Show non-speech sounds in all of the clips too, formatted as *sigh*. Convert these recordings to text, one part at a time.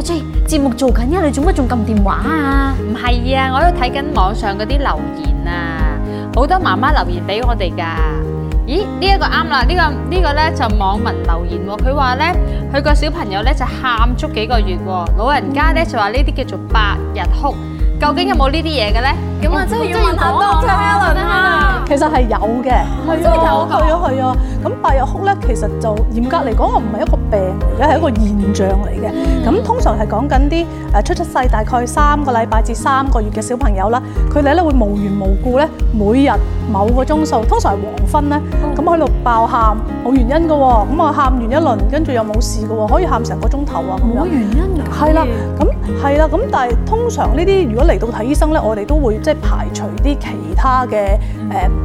啊，節目做緊呀，你做乜仲撳電話啊？唔係啊，我喺度睇緊網上嗰啲留言啊，好多媽媽留言俾我哋㗎。咦，呢一個啱啦，呢個呢個咧就網民留言喎，佢話咧佢個小朋友咧就喊足幾個月喎，老人家咧就話呢啲叫做百日哭。究竟有冇呢啲嘢嘅咧？咁啊，真係要問多一輪啊！其實係有嘅，係真係有講。係啊係啊，咁百日哭咧，其實就嚴格嚟講，唔係一個病，而係一個現象嚟嘅。咁通常係講緊啲誒出出世大概三個禮拜至三個月嘅小朋友啦，佢哋咧會無緣無故咧，每日某個鐘數，通常係黃昏咧，咁喺度爆喊，冇原因嘅喎。咁啊，喊完一輪，跟住又冇事嘅喎，可以喊成個鐘頭啊！冇原因㗎，係啦，咁。係啦，咁但係通常呢啲如果嚟到睇醫生咧，我哋都會即係排除啲其他嘅誒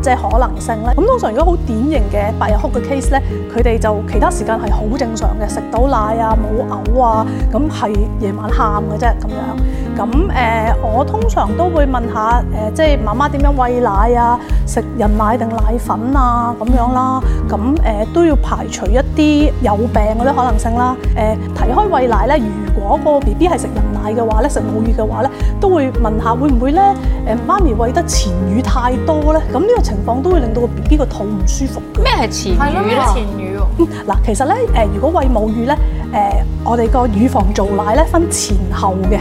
即係可能性咧。咁、嗯、通常如果好典型嘅百日哭嘅 case 咧，佢哋就其他時間係好正常嘅，食到奶啊、冇嘔啊，咁係夜晚喊嘅啫咁樣。咁誒、呃，我通常都會問下誒、呃，即係媽媽點樣餵奶啊？食人奶定奶粉啊？咁樣啦。咁誒、呃、都要排除一啲有病嗰啲可能性啦。誒、呃、提開餵奶咧，如果個 B B 係食人奶嘅話咧，食母乳嘅話咧，都會問下會唔會咧誒媽咪餵得前乳太多咧？咁呢個情況都會令到個 B B 個肚唔舒服嘅。咩係前乳？係咯、啊，前乳嗱、嗯。其實咧誒、呃，如果餵母乳咧誒、呃，我哋個乳房做奶咧分前後嘅。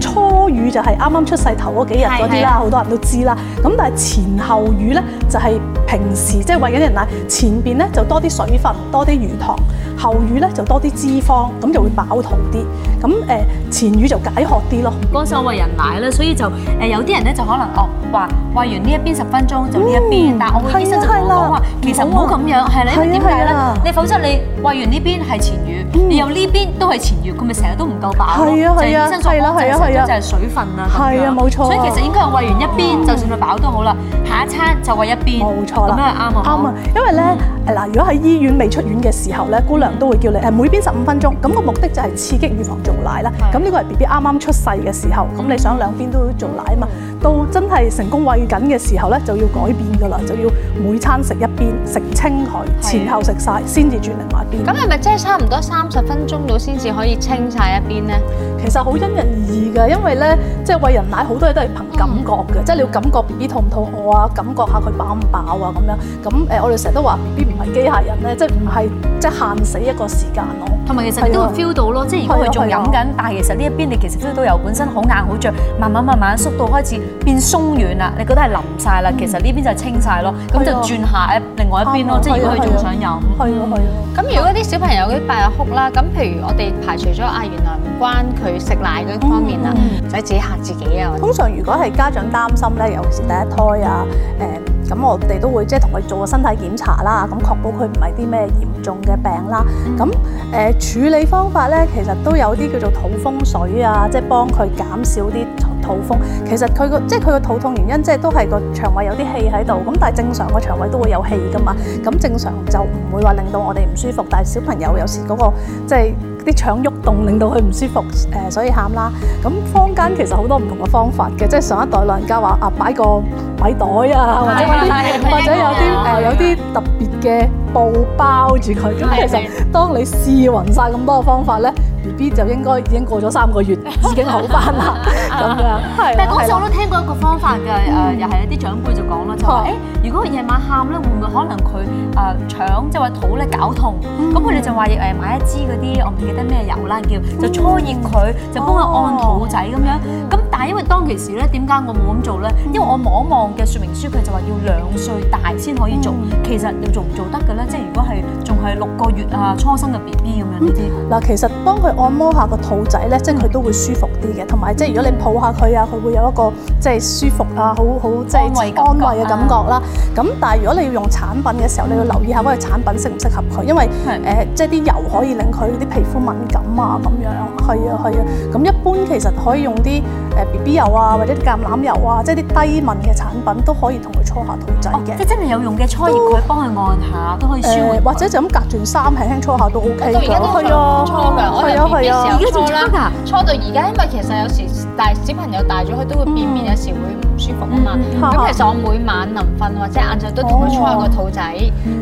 初乳就係啱啱出世頭嗰幾日嗰啲啦，好多人都知啦。咁但係前後乳咧，就係平時即係餵緊啲人奶，前邊咧就多啲水分，多啲乳糖；後乳咧就多啲脂肪，咁就會飽肚啲。咁誒前乳就解渴啲咯。嗰陣餵人奶咧，所以就誒有啲人咧就可能哦。話餵完呢一邊十分鐘就呢一邊，但係我哋醫生就講話，其實唔好咁樣，係咧點解咧？你否則你餵完呢邊係前乳，然後呢邊都係前乳，佢咪成日都唔夠飽咯。係啊係啊，係啦係啊，就係水分啊，係啊，冇錯，所以其實應該係餵完一邊，就算佢飽都好啦。下一餐就餵一邊，冇錯啦，咁啊啱啊。啱啊，因為咧嗱，如果喺醫院未出院嘅時候咧，姑娘都會叫你誒每邊十五分鐘，咁個目的就係刺激乳房做奶啦。咁呢個係 B B 啱啱出世嘅時候，咁你想兩邊都做奶啊嘛，到真係成。人工餵緊嘅時候咧，就要改變噶啦，就要。每餐食一邊，食清佢，的前後食晒，先至轉另外一邊。咁係咪即係差唔多三十分鐘到先至可以清晒一邊咧？其實好因人而異嘅，因為咧即係餵人奶好多嘢都係憑感覺嘅，即係、嗯、你要感覺 BB 肚唔肚餓啊，感覺下佢飽唔飽啊咁樣。咁誒，我哋成日都話，BB 唔係機械人咧？即係唔係即係限死一個時間咯？同埋其實你都的會 feel 到咯，即係如果佢仲飲緊，但係其實呢一邊你其實都都由本身好硬好脹，慢慢慢慢縮到開始變鬆軟啦，你覺得係淋晒啦，其實呢邊就清晒咯。嗯。就轉下另外一邊咯，即係如果佢仲想飲，去咯去咯。咁、嗯、如果啲小朋友嗰啲半夜哭啦，咁譬如我哋排除咗啊，原來唔關佢食奶嗰啲方面啦，唔使、嗯、自己嚇自己啊。通常如果係家長擔心咧，尤其是第一胎啊，誒、呃、咁我哋都會即係同佢做個身體檢查啦，咁確保佢唔係啲咩嚴重嘅病啦。咁誒、呃、處理方法咧，其實都有啲叫做土風水啊，即係幫佢減少啲。肚痛，其實佢個即係佢個肚痛原因，即係都係個腸胃有啲氣喺度。咁但係正常個腸胃都會有氣㗎嘛。咁正常就唔會話令到我哋唔舒服。但係小朋友有時嗰個即係啲腸喐動，令到佢唔舒服，誒，所以喊啦。咁坊間其實好多唔同嘅方法嘅，即係上一代老人家話啊，擺個米袋啊，或者或者有啲誒有啲特別嘅布包住佢。咁其實當你試勻曬咁多嘅方法咧。B B 就應該已經過咗三個月，已經好返啦咁樣。但係嗰陣我都聽過一個方法嘅，誒又係一啲長輩就講啦，就話、是：，誒、嗯、如果夜晚喊咧，會唔會可能佢誒、呃、腸即係話肚咧搞痛？咁佢哋就話誒買一支嗰啲我唔記得咩油啦，叫就搓熱佢，就幫佢按肚仔咁、嗯哦、樣。因為當其時咧，點解我冇咁做咧？因為我望一望嘅說明書，佢就話要兩歲大先可以做。嗯、其實你做唔做得嘅咧，即係如果係仲係六個月啊、初生嘅 B B 咁樣。嗱、啊，嗯、啲其實幫佢按摩下個肚仔咧，即係佢都會舒服啲嘅。同埋即係如果你抱下佢啊，佢會有一個即係、就是、舒服味、嗯、啊，好好即係安慰嘅感覺啦。咁但係如果你要用產品嘅時候，你要留意下嗰個產品適唔適合佢，因為誒即係啲油可以令佢啲皮膚敏感啊咁樣。係啊係啊，咁一般其實可以用啲誒。B B 油啊，或者啲橄、啊、橄欖油啊，即係啲低敏嘅產品都可以同佢搓下肚仔嘅。Oh, 即係真係有用嘅搓，熱佢幫佢按下，都可以舒緩。或者就咁隔住衫輕輕搓下都 O K 㗎。而家都仲搓嘅，啊、我係 B B 時有搓啦，搓到而家，因為其實有時大小朋友大咗佢都會變敏感少少。舒服啊嘛，咁其實我每晚臨瞓或者晏晝都同佢搓下個肚仔，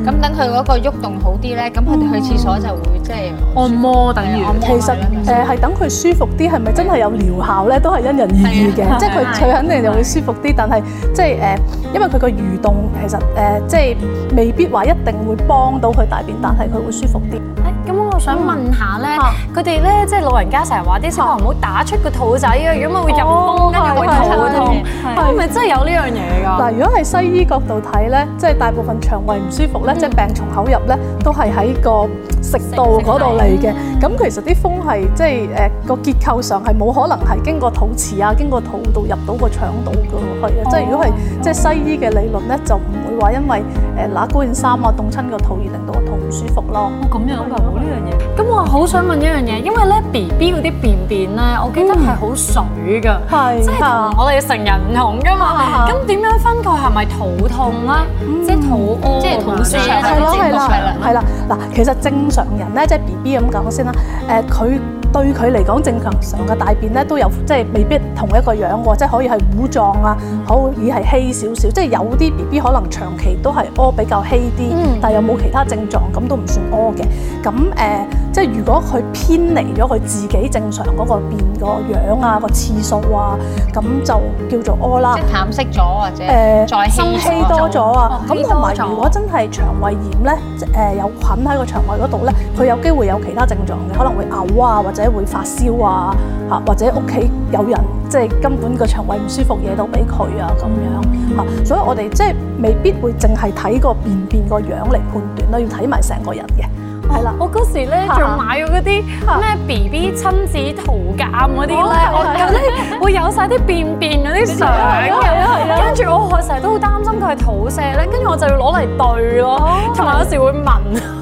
咁等佢嗰個喐動好啲咧，咁佢哋去廁所就會即係按摩等於。其實誒係等佢舒服啲，係咪真係有療效咧？都係因人而異嘅，即係佢佢肯定就會舒服啲，但係即係誒，因為佢個蠕動其實誒即係未必話一定會幫到佢大便，但係佢會舒服啲。想問下咧，佢哋咧即係老人家成日話啲小朋友唔好打出個肚仔啊，如果咪會入風，跟住會肚痛，係咪真係有呢樣嘢㗎？嗱，如果係西醫角度睇咧，即係大部分腸胃唔舒服咧，即係病從口入咧，都係喺個食道嗰度嚟嘅。咁其實啲風係即係誒個結構上係冇可能係經過肚臍啊，經過肚度入到個腸度㗎，係啊，即係如果係即係西醫嘅理論咧就唔。話因為誒揦高件衫啊，凍親個肚，而令到個肚唔舒服咯。哦咁樣噶冇呢樣嘢。咁我好想問一樣嘢，因為咧 B B 嗰啲便便咧，我記得係好水噶，即係同我哋成人唔同噶嘛。咁點樣分佢係咪肚痛咧？即係肚屙，即係肚瀉。係啦係啦係啦。係啦，嗱，其實正常人咧，即係 B B 咁講先啦。誒佢。對佢嚟講，正常上嘅大便都有，即係未必同一個樣喎，即係可以係糊狀啊，可以係稀少少，即係有啲 BB 可能長期都係屙比較稀啲，嗯、但又冇其他症狀，咁都唔算屙嘅。咁誒即係如果佢偏離咗佢自己正常嗰個便個樣啊、個次數啊，咁就叫做屙啦。哦、即係淡色咗或者誒、呃，稀多咗啊。咁同埋如果真係腸胃炎咧，誒、呃、有菌喺個腸胃嗰度咧，佢有機會有其他症狀嘅，可能會嘔啊，或者會發燒啊，嚇、啊、或者屋企有人即係根本個腸胃唔舒服都、啊，嘢到俾佢啊咁樣嚇。所以我哋即係未必會淨係睇個便便個樣嚟判斷啦，要睇埋成個人嘅。係啦，我嗰時咧仲買咗嗰啲咩 BB 親子圖鑑嗰啲咧，我有咧會有晒啲便便嗰啲相，係咯係咯。跟住我成日都好擔心佢係肚瀉咧，跟住我就要攞嚟對咯，同埋的有時會聞。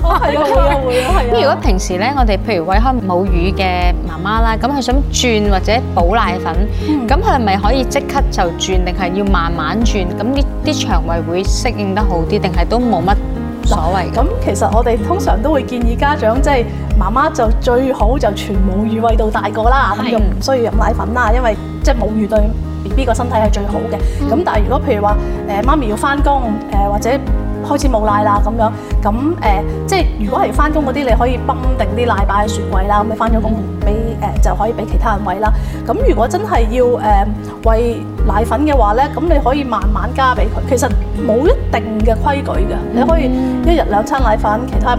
係啊會啊會啊。咁如果平時咧，我哋譬如喂開母乳嘅媽媽啦，咁佢想轉或者補奶粉，咁佢係咪可以即刻就轉，定係要慢慢轉？咁呢啲腸胃會,會適應得好啲，定係都冇乜？所謂、嗯、其實我哋通常都會建議家長即係、就是、媽媽就最好就全母乳餵到大個啦，咁是就唔需要飲奶粉啦，因為母乳對 B B 個身體係最好嘅。咁、嗯、但係如果譬如話誒、呃、媽咪要返工、呃、或者。開始冇奶啦咁樣，咁、呃、誒，即係如果係翻工嗰啲， *noise* 你可以泵定啲奶擺喺雪櫃啦，咁你翻咗工俾誒就可以俾其他人餵啦。咁如果真係要誒餵、呃、奶粉嘅話咧，咁你可以慢慢加俾佢。其實冇一定嘅規矩嘅，你可以一日兩餐奶粉，其他。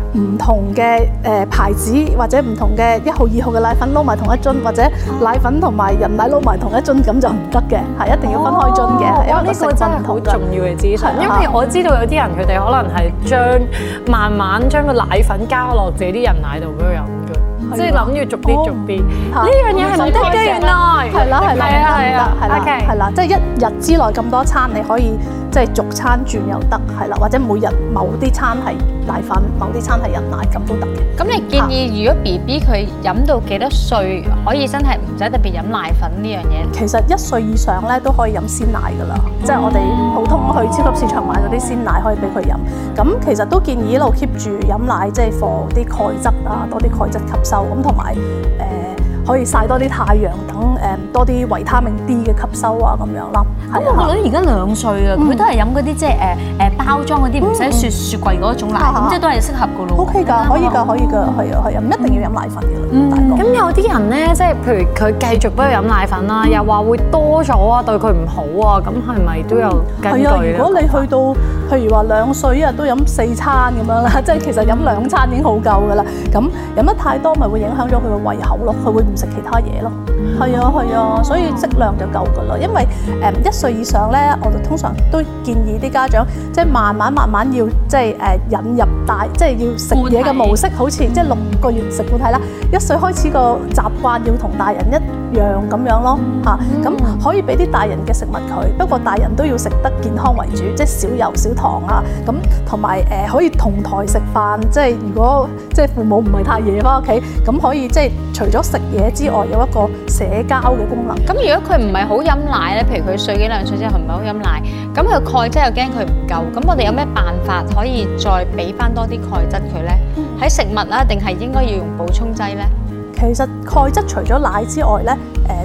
唔同嘅誒牌子，或者唔同嘅一號二號嘅奶粉撈埋同一樽，或者奶粉同埋人奶撈埋同一樽，咁就唔得嘅，係一定要分開樽嘅。哦，呢個真係好重要嘅資訊，因為我知道有啲人佢哋可能係將慢慢將個奶粉加落自己啲人奶度去飲嘅，即係諗住逐啲逐啲。哦，呢樣嘢係唔得嘅，原來係啦，係啦，係啦，係啦，OK，係啦，即係一日之內咁多餐，你可以即係逐餐轉又得，係啦，或者每日某啲餐係。奶粉，某啲餐係飲奶咁都得嘅。咁你建議，如果 B B 佢飲到幾多歲可以真係唔使特別飲奶粉呢樣嘢？其實一歲以上咧都可以飲鮮奶噶啦，即係、嗯、我哋普通去超級市場買嗰啲鮮奶可以俾佢飲。咁其實都建議一路 keep 住飲奶，即係放啲鈣質啊，多啲鈣質吸收。咁同埋誒可以曬多啲太陽。咁誒多啲維他命 D 嘅吸收啊咁樣啦。咁我女而家兩歲啊，佢都係飲嗰啲即係誒誒包裝嗰啲唔使雪雪櫃嗰種奶，咁即係都係適合噶咯。OK 㗎，可以㗎，可以㗎，係啊係啊，唔一定要飲奶粉㗎啦。咁有啲人咧，即係譬如佢繼續畀佢飲奶粉啦，又話會多咗啊，對佢唔好啊，咁係咪都有根據咧？係啊，如果你去到譬如話兩歲啊，都飲四餐咁樣啦，即係其實飲兩餐已經好夠㗎啦。咁飲得太多咪會影響咗佢嘅胃口咯，佢會唔食其他嘢咯，係。係啊，係啊，所以質量就夠㗎喇。因為誒、呃，一歲以上咧，我就通常都建議啲家長，即係慢慢慢慢要，即係誒、呃、引入大，即係要食嘢嘅模式，好似即係六個月食固體啦，一歲開始個習慣要同大人一。樣咁樣咯嚇，咁、嗯啊、可以俾啲大人嘅食物佢，不過大人都要食得健康為主，即係少油少糖啊。咁同埋誒可以同枱食飯，即係如果即係父母唔係太夜返屋企，咁可以即係除咗食嘢之外，有一個社交嘅功能。咁如果佢唔係好飲奶咧，譬如佢歲幾兩歲之後唔係好飲奶，咁佢鈣質又驚佢唔夠，咁我哋有咩辦法可以再俾返多啲鈣質佢咧？喺食物啊，定係應該要用補充劑咧？其實鈣質除咗奶之外咧，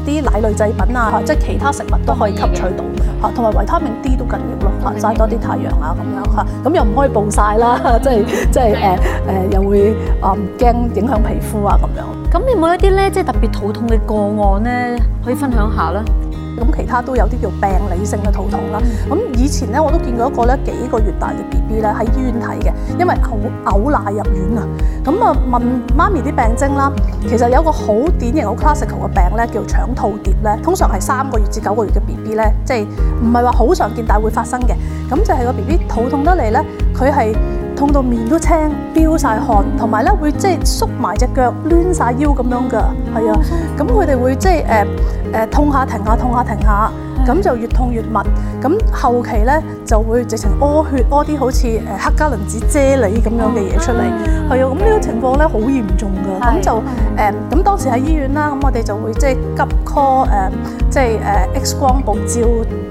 誒啲奶類製品啊，即係其他食物都可以吸取到嚇，同埋維他命 D 都緊要咯嚇，曬多啲太陽啊咁樣嚇，咁又唔可以暴曬啦，即係即係誒誒，又會啊驚、呃、影響皮膚啊咁樣。咁有冇一啲咧，即係特別肚痛嘅個案咧，可以分享下咧？咁其他都有啲叫病理性嘅肚痛啦。咁以前咧，我都見過一個咧幾個月大嘅 B B 咧喺醫院睇嘅，因為嘔嘔奶入院啊。咁啊問媽咪啲病徵啦，其實有個好典型好 classical 嘅病咧，叫腸套疊咧，通常係三個月至九個月嘅 B B 咧，即係唔係話好常見，但係會發生嘅。咁就係個 B B 肚痛得嚟咧，佢係。痛到面都青，飆曬汗，同埋呢會即係縮埋隻腳，攣曬腰咁樣㗎，係啊，咁佢哋會即係、呃呃、痛下停下，痛下停下。咁就越痛越密，咁後期咧就會直情屙血，屙啲好似誒黑加侖子啫喱咁樣嘅嘢出嚟，係啊、嗯，咁呢個情況咧好嚴重㗎。咁、嗯、就誒咁當時喺醫院啦，咁我哋就會即係急 call 誒、嗯，即係誒、呃、X 光暴照、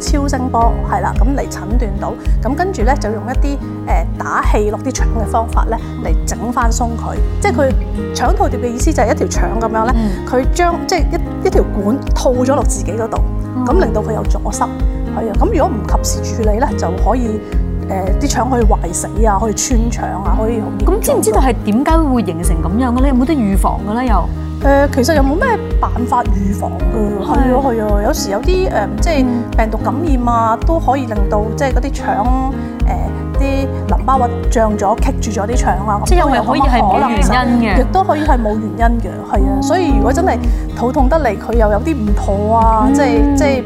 超聲波係啦，咁嚟、嗯、診斷到。咁跟住咧就用一啲誒打氣落啲腸嘅方法咧嚟整翻鬆佢，嗯、即係佢腸套疊嘅意思就係一條腸咁樣咧，佢將、嗯、即係一一條管套咗落自己嗰度。咁、嗯、令到佢有阻塞，係啊！咁如果唔及時處理咧，就可以誒啲、呃、腸可以壞死啊，可以穿腸啊，嗯、可以好。咁、嗯、知唔知道係點解會形成咁樣嘅咧？有冇得預防嘅咧？又誒、呃，其實又冇咩辦法預防嘅。係啊的，係啊，有時有啲誒、呃，即係病毒感染啊，都可以令到即係嗰啲腸。嗯啲淋巴核脹咗，棘住咗啲腸啦，即係又可以係冇原因嘅，亦都可以係冇原因嘅，係啊，所以如果真係肚痛得嚟，佢又有啲唔妥啊，嗯、即係即係誒，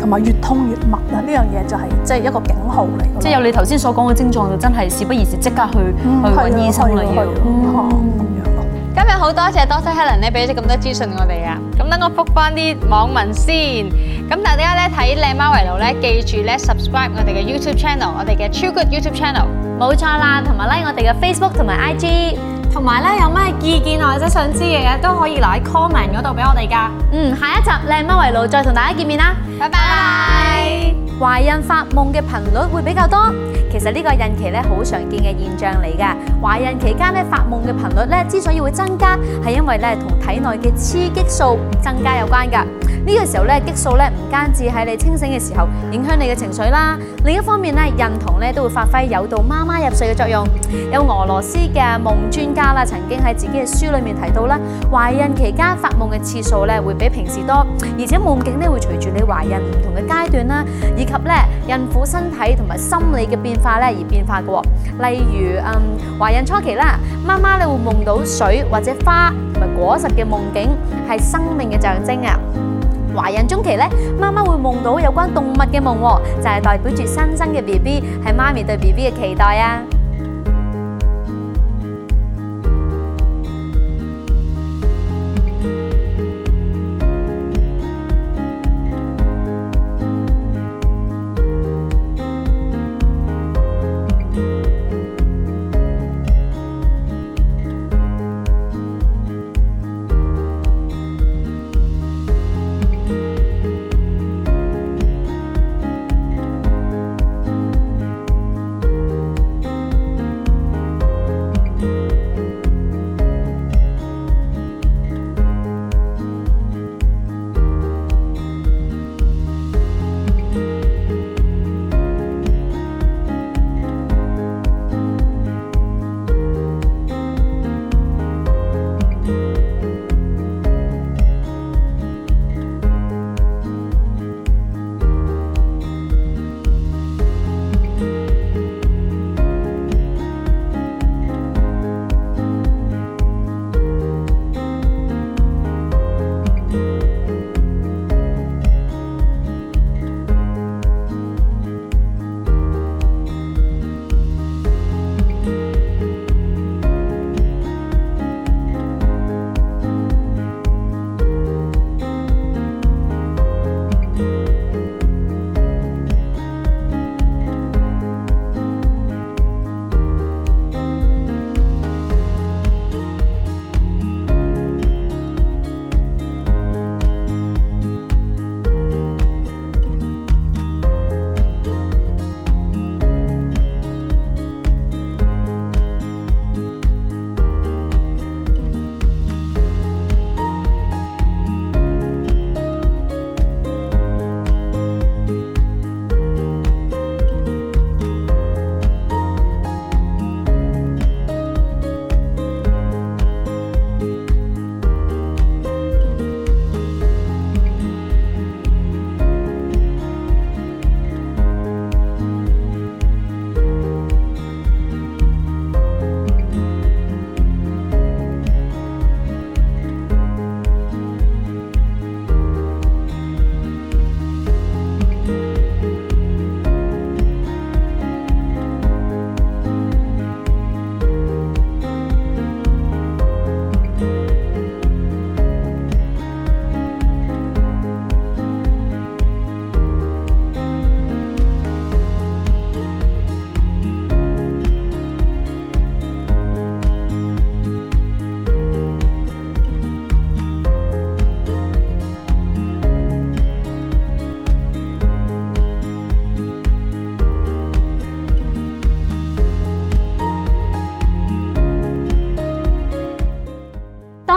同、呃、埋越痛越密啊，呢樣嘢就係即係一個警號嚟。即係有你頭先所講嘅症狀，就真係事不宜遲，即刻去、嗯、去揾醫生啦。今日好多謝多謝 Helen 咧，俾咗咁多資訊我哋啊，咁等我復翻啲網民先。咁大家咧睇靚媽圍爐咧，記住咧 subscribe 我哋嘅 YouTube channel，我哋嘅超 good YouTube channel，冇錯啦，同埋 like 我哋嘅 Facebook 同埋 IG，同埋咧有咩意見或者想知嘅，都可以留喺 comment 嗰度俾我哋㗎。嗯，下一集靚媽圍爐再同大家見面啦，拜拜。懷孕發夢嘅頻率會比較多，其實呢個孕期咧好常見嘅現象嚟㗎。懷孕期間咧發夢嘅頻率咧之所以會增加，係因為咧同體內嘅雌激素增加有關㗎。呢個時候咧，激素咧唔單止喺你清醒嘅時候影響你嘅情緒啦，另一方面咧，孕酮咧都會發揮誘導媽媽入睡嘅作用。有俄羅斯嘅夢專家啦，曾經喺自己嘅書裏面提到啦，懷孕期間發夢嘅次數咧會比平時多，而且夢境咧會隨住你懷孕唔同嘅階段啦，以及咧孕婦身體同埋心理嘅變化咧而變化嘅。例如，嗯，懷孕初期啦，媽媽你會夢到水或者花同埋果實嘅夢境，係生命嘅象徵啊。懷孕中期呢，媽媽會夢到有關動物嘅夢喎，就係代表住新生嘅 B B 係媽咪對 B B 嘅期待啊！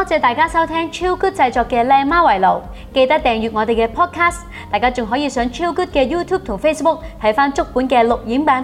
多謝大家收聽超 good 製作嘅靚媽圍爐，記得訂閱我哋嘅 podcast，大家仲可以上超 good 嘅 YouTube 同 Facebook 睇返足本嘅錄影版。